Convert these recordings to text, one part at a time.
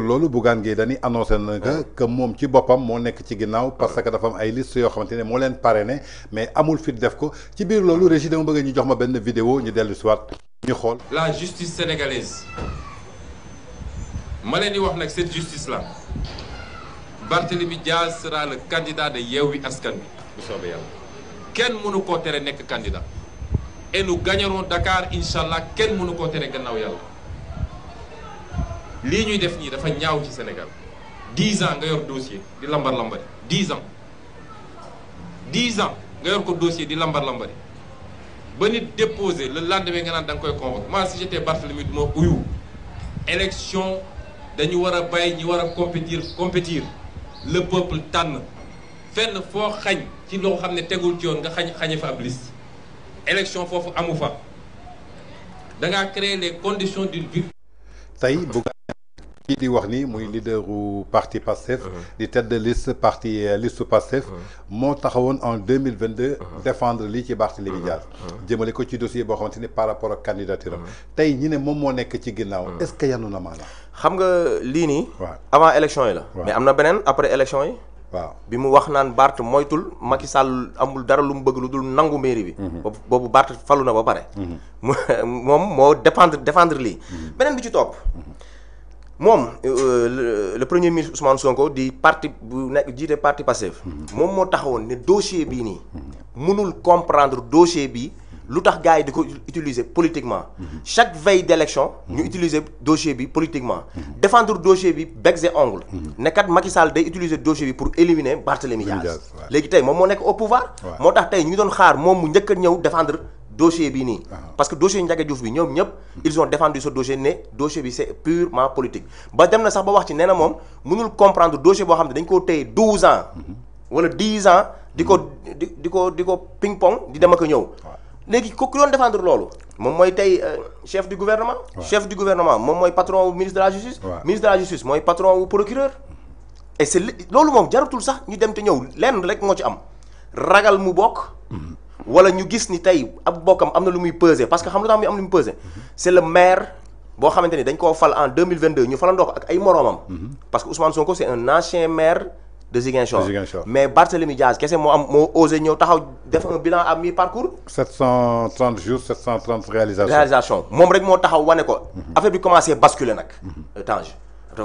biir loolu Bougane Gueye Dany annoncé na que que mom ci bopam mo nek ci ginnaaw parce que dafa am ay liste yo xamantene mo len leen parrainé mais amul fit def ko ci bir lolu Régis dama bëgg ñu jox ma ben vidéo ñu dellu si waat ñu xol la justice sénégalaise ma leen di wax nak cette justice là Barthélemy Diaz sera le candidat de Yewi Askan Wi bu soobé yàlla kenn mënu ko téré nek candidat et nous gagnerons Dakar inshallah allah kenn mënu ko téré gannaaw yalla li ñuy def nii dafa ñaaw ci Sénégal 10 ans nga yor dossier di lambar lambari 10 ans 10 ans nga yor ko dossier di lambar lambari ba nit déposé le lendemain nga naan da nga koy convoqué moi si j'étais Barthélemy du ma uyu élection dañu war a bàyyi ñi war compétir compétir le peuple tànn fenn foo xañ ci loo xam ne tegul ci yoon nga xañ xañe fa ab liste élection foofu amu fa da ngaa créer les conditions d'une vie tey Bougane kii di wax ni parti Passef, uh-huh. di tête de liste parti euh, liste passef uh-huh. mo en 2022 uh-huh. défendre li ci ko ci dossier le xamanteni par rapport ak candidature tay ñi ne mom mo est ce que yanu na xam nga li avant élection yi la mais amna benen après élection waaw bi mu wax naan Barth moytul Macky Sall amul dara lu mu bëgg lu dul nangu mairie bi. Mhm. boobu Barth falu na ba pare. Mhm. moom moo dépendre défendre lii. Mhm. beneen bi ci topp. moom euh, le premier ministre Ousmane Sonko di parti bu nekk jiite parti Pastef. moom moo taxawoon ne dossier bii nii. mënul comprendre dossier bii lu gaay utilisé politiquement mhm. chaque veille d'élection ñu mhm. utiliser dossier politiquement défendre dossier bi un et ongles mhm. ne kat Macky Sall day utiliser dossier pour éliminer Barthélémy Diaz. légui tay au pouvoir nous tax tey ñu doon xaar mom mu défendre dossier ah. parce que dossier Ndiaga Diouf bi ñom ils ont défendu ce dossier né dossier bi c'est purement politique ba dem na sax ba wax ci néna mom comprendre dossier bo xam 12 ans wala 10 ans diko diko diko ping pong di dem ak léegi ko doon défendre loolu mom moy tay euh, chef du gouvernement. chef du gouvernement mom moy patron wu ministre de la justice. ministre de la justice moy patron wu procureur. et c'est loolu mom jaratul sax ñu dem te ñew lenn rek moo ci am ragal mu bok mm-hmm. wala ñu gis ni tay ab bokam am lu muy peser parce que xam lu tax am lu muy peser mm-hmm. c'est le maire. bo xamanteni dañ ko fal en 2022 ñu falandoo ak ay moromam mm-hmm. parce que Ousmane Sonko c'est un ancien maire de Ziguinchor mais Ziguinchor mais Barthélemy Diaz kese moo am moi osé ñëw taxaw def un bilan à mi-parcours. 730 jours 730 réalisations. réalisation moom rek mo taxaw wané ko. Mhm. affaire bi commencé basculer nak. Mhm. Euh, Tange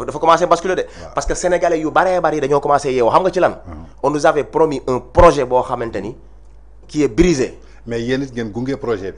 dafa commencé basculer dé parce que sénégalais yu baré bari dañoo commencé yéw xam nga ci lan. Mhm. on nous avait promis un projet bo xamante qui est brisé. mais yéen ngeen gungé projet bi.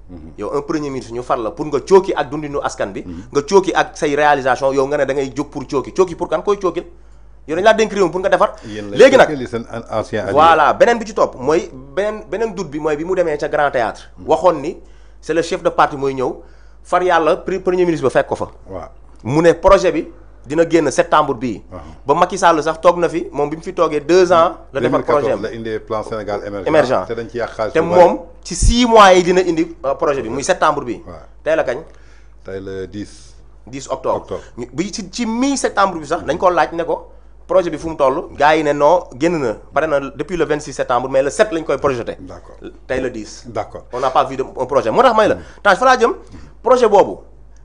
Mhm. yow un premier ministre ñu far la pour nga cooki ak dundinu askan bi. Mhm. nga cooki ak say réalisation yow nga ne da ngay jóg pour cooki cooki pour kan koy cookil yow dañu laa dénk réew mi pour nga defar. léegi nag voilà beneen bi ci topp mooy beneen beneen doute bi mooy bi mu demee ca grand théâtre mhm. waxoon ni c'est le chef de parti mooy ñëw far yàlla premier ministre ba fekk ko fa. mu ne projet bi. dina génn septembre bii. Uh-huh. ba Macky sax toog na fi moom deux ans. la defar projet plan six mois dina indi euh, projet bi septembre bii. la dix octobre bi ci mi septembre bi sax dañ ko projet bi na na depuis le 26 septembre mais le sept lañ koy projeté. d' accord tey on n'a pas vu de projet la fa projet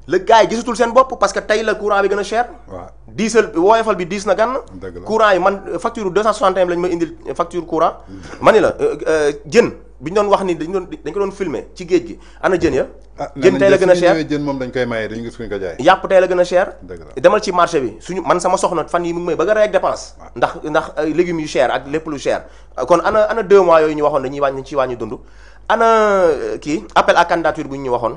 le gars yi gisatul seen bopp parce que tey la courant bi gën a cher. waaw diisal woyofal bi diis na gan. courant yi man facture deux cent soixante et un lañ ma indil facture courant. ma ni la euh, euh, jën bi ñu doon wax ni dañ doon dañ ko doon filmer ci géej gi ana jën ya. Ah, jën tey la gën a cher jën moom dañ koy maye dañu gis kuñ ko jaay. yàpp tey la gën a cher. demal ci marché bi suñu man sama soxna fan yi mu ngi may bëgg a ak dépense. ndax ndax légumes yu cher ak lépp lu cher kon ana ana deux mois yooyu ñu waxoon dañuy wàññi ci wàññi dund ana euh, kii appel à candidature bu ñu waxoon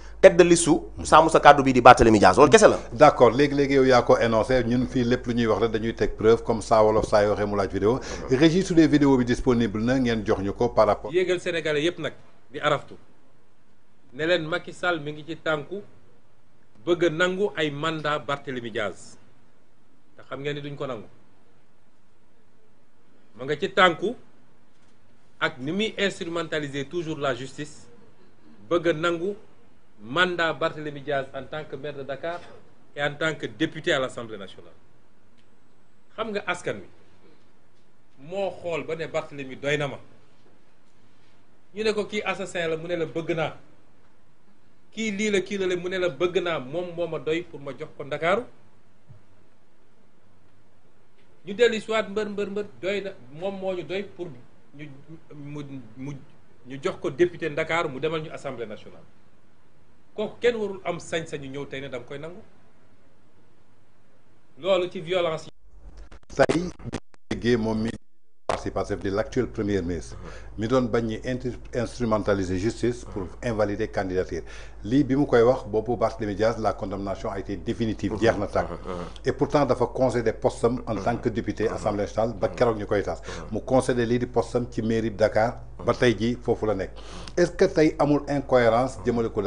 tête de liste sàmm sa kàddu bi di Barthélémy Dias loolu kese la. d' accord léegi-léegi yow yako ko ñun fi lepp lu ñuy wax rek dañuy tek preuve comme saa wolof sa yoo waxee mu laaj vidéo registre des vidéos bi disponible na ngeen jox ñuko ko par rapport. yégal sénégalais yépp nak di araftu ne leen Macky Sall mi ngi ci tànku bëgg nangu ay mandat Barthélémy Dias te xam ngeen ni duñ ko nangu ma nga ci tànku ak ni mi instrumentaliser toujours la justice bëgg nangu mandat Barthélémy Diaz en tant que maire de Dakar et en tant que député à l'Assemblée nationale Je nga askan je suis un ba ne Barthélémy doy ma ñu ne ko pas assassin la mu la bëgg la pour ma jox ko nous ñu Nous nous nous pour ñu député de mu Assemblée nationale kooku kenn warul am sañ-sañu ñëw tey ne danga koy nangu loolu ci violence yi. say bi déggee moom C'est parce que de premier ministre mi doon bañ instrumentalisé justice pour invalider candidature lii bi mu koy wax pour médias, la condamnation a été définitive et pourtant, il et pourtant dafa concédé poste en tant que député à l'Assemblée nationale ba keroog ñu koy tas mu concédé lii di ci Dakar ba est ce que as une incohérence de ko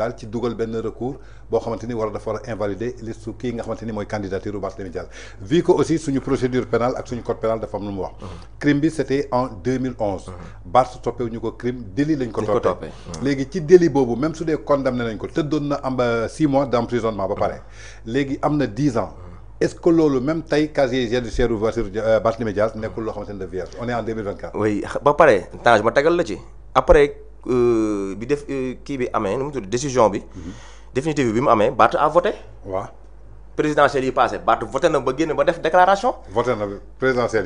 recours boo xamante ni war dafa war a invalider liste kii nga xamante ni candidature u Barthélémy Dias vu que aussi suñu procédure pénale ak suñu code pénal dafa am lu mu wax mhm. crime bi c'était en 2011 mhm. Barth toppee ñu ko crime délit lañ ko toppee mhm. léegi ci délit boobu même su dee condamné nañ ko tëddoon na am euh, six mois d'emprisonnement ba pare léegi am na dix ans est-ce que loolu même tay casier judiciaire ou voiture euh, Barthélémy Dias nekkul loo le de vierge on est en 2024 oui ba paré, Tange ma tegal la ci après euh, bi def ki bi amé, nu décision bi définitive bi mu amé Barth à voter wa présidentiel yi passé Barth voter na ba guen ba def déclaration. voter na présidentiel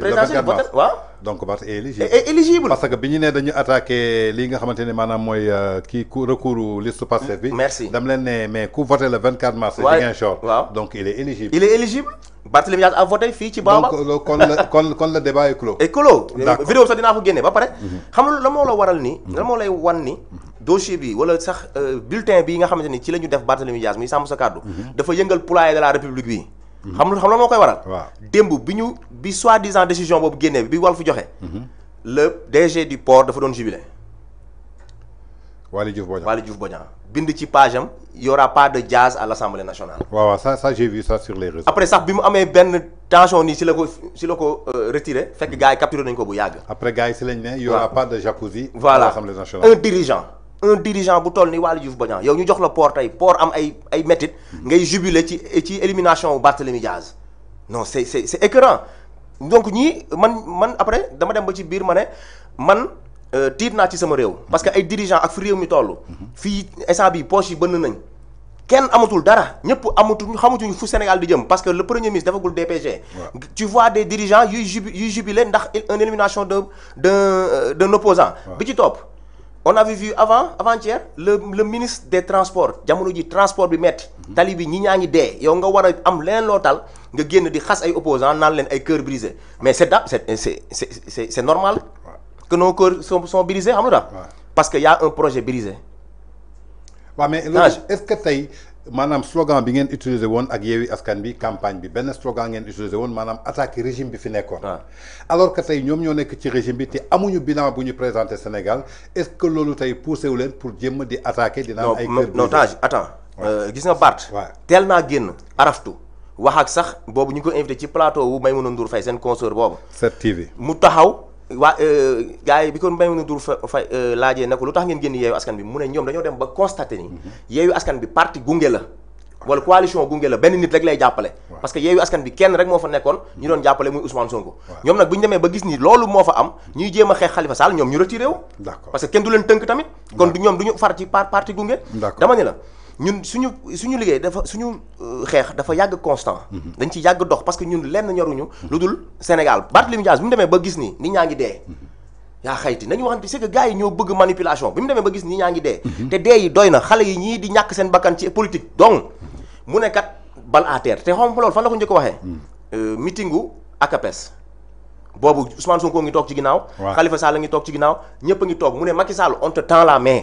wa donc Barth éligible. éligible parce que biñu né dañu attaquer li nga xamanténi manam moy mooy euh, recours liste Pastef bi. merci dam leen ne mais ku voté le 24 mars. waay Ziguinchor waaw donc il est éligible. il est éligible. Barthélémy Diaz a voté fi ci Bamba donc euh, kon la kon kon le débat est clos. et clos vidéo bi dina ko génne ba paré mhm. xam nga la moo la waral ni la moo lay wan ni dossier bi wala sax euh, bulletin bi nga xamante ni ci lañu def Barthélemy Diaz muy sàmm sa kàddu mhm. dafa yëngal poulailler de la république bi mhm. xam xam la moo koy waral démb bi ñu bi soi-disant décision boobu génnee bi Walf joxe mhm. le DG du port dafa doon jubilé Waly Diouf Bodian Waly Diouf Bodian bind ci page am y aura pas de jazz à l'Assemblée nationale waaw waaw ça ça j'ai vu ça sur les réseaux après sax bi mu amee benn tension nii si la ko si la ko euh, retiré fekk gars yi capturé nañ ko bu yàgg après gars yi si lañ ne y aura pas de jacuzzi voilà à l'Assemblée nationale un dirigeant un dirigeant bu toll ni Waly Diouf Badian yow ñu jox la port port am ay ay ngay ci ci élimination Diaz non c'est c'est écœurant donc man man après dama dem ba ci euh, ci parce que ay dirigeant ak fi réew mi toll fi instant bi poche yi nañ kenn amatul dara ñëpp fu Sénégal parce que le premier ministre DPG. tu vois des dirigeants yu une élimination de d'un euh, d'un opposant bi ci on avait vu avant avant-hier le le ministre des transports jamono ji transport bi metti mhm. tali bi ñi ñaa ngi Et yow nga war a am leneen loo tal nga génn di xas ay opposants naan leen ay cœur brisé mais c'est c'est c'est c'est c'est normal que nos cœurs sont sont brisés xam parce qu'il y a un projet brisé. mais ah, est-ce que tey maanaam slogan bi ngeen utilisé woon ak Yewwi Askan bi campagne bi benn slogan ngeen utilisé woon maanaam attaqué régime bi fi nekkoon. Ah. alors que tey ñoom ñoo nekk ci régime bi te amuñu bilan bu ñu présenté Sénégal est-ce que loolu tey poussé wu leen pour jéem di attaqué. dina am ay kër non Tange attends euh, gis nga Bart. teel naa génn araftu. wax ak sax boobu ñu ko invité ci plateau wu Maïmouna Ndour Faye seen consœur boobu. 7TV mu taxaw. waa euh, gars yi bi ko Maimouna Ndour euh, laajee ne ko lu tax ngeen génn yeewu askan bi mu ne ñoom dañoo dem ba constaté ni mhm. yeewu askan bi parti gunge la wala coalition gunge la benn nit rek lay jàppale parce que yeewu askan bi kenn rek moo fa nekkoon ñu doon jàppale muy Ousmane Sonko ñoom nag bu ñu demee ba gis ni loolu moo fa am ñuy jéem a xeex Khalifa Sall ñoom ñu retiré wu parce que kenn du leen tënk tamit kon du ñoom du ñu far ci parti gunge dama ne la ñun nous, suñu les dafa suñu euh, dafa constant. Mhm. dañ ci parce que ñun lenn ñoruñu. Sénégal sommes les bi Nous sommes ba gis ni sommes il ngi mhm. Nous c'est que gars ñoo bëgg manipulation Nous sommes ba gis ni ñaa ngi Nous sommes dee yi Nous na yi Nous di ñàkk seen Nous politique. donc nous ne kat bal à terre te xam Nous sommes la ko Nous mhm. euh, sommes meetingu ACAPES. Nous Ousmane Sonko ngi Nous sommes en Khalifa Sall ngi toog ci sommes ñëpp nous sommes mu Macky Sall on la main.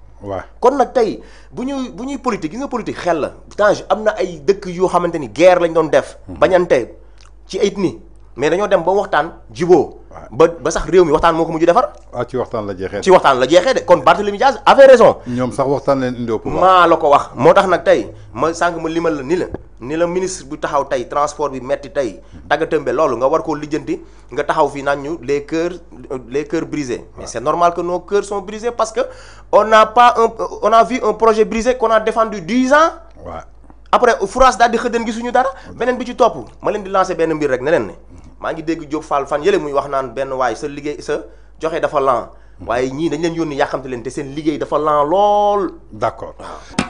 waaw kon nag tey bu ñuy bu ñuy politique yi nga politique xel la Tange am na ay dëkk yoo xamante ni guerre lañ doon def. Mhm. bañante ci ay ni mais dañoo dem ba waxtaan jiboo ba ba sax réew mi waxtaan moo defar. ah ci waxtaan la jeexee. ci waxtaan la de kon Diaz avait raison. sax la ko wax ma limal ni la ni la ministre bu taxaw transport bi metti nga war nga taxaw les brisés. mais c'est normal que nos cœurs sont brisés parce que on n'a pas un on a vu un projet brisé qu'on a défendu 10 ans. après France daal di gisuñu dara beneen bi ci topp ma di mbir rek maa ngi dégg Diop Fall fan yële muy wax naan benn waay sa liggéey sa joxe dafa lan hmm. waaye ñii dañ leen yónni yàkkamte leen te seen liggéey dafa lan lool. d'accord waaw.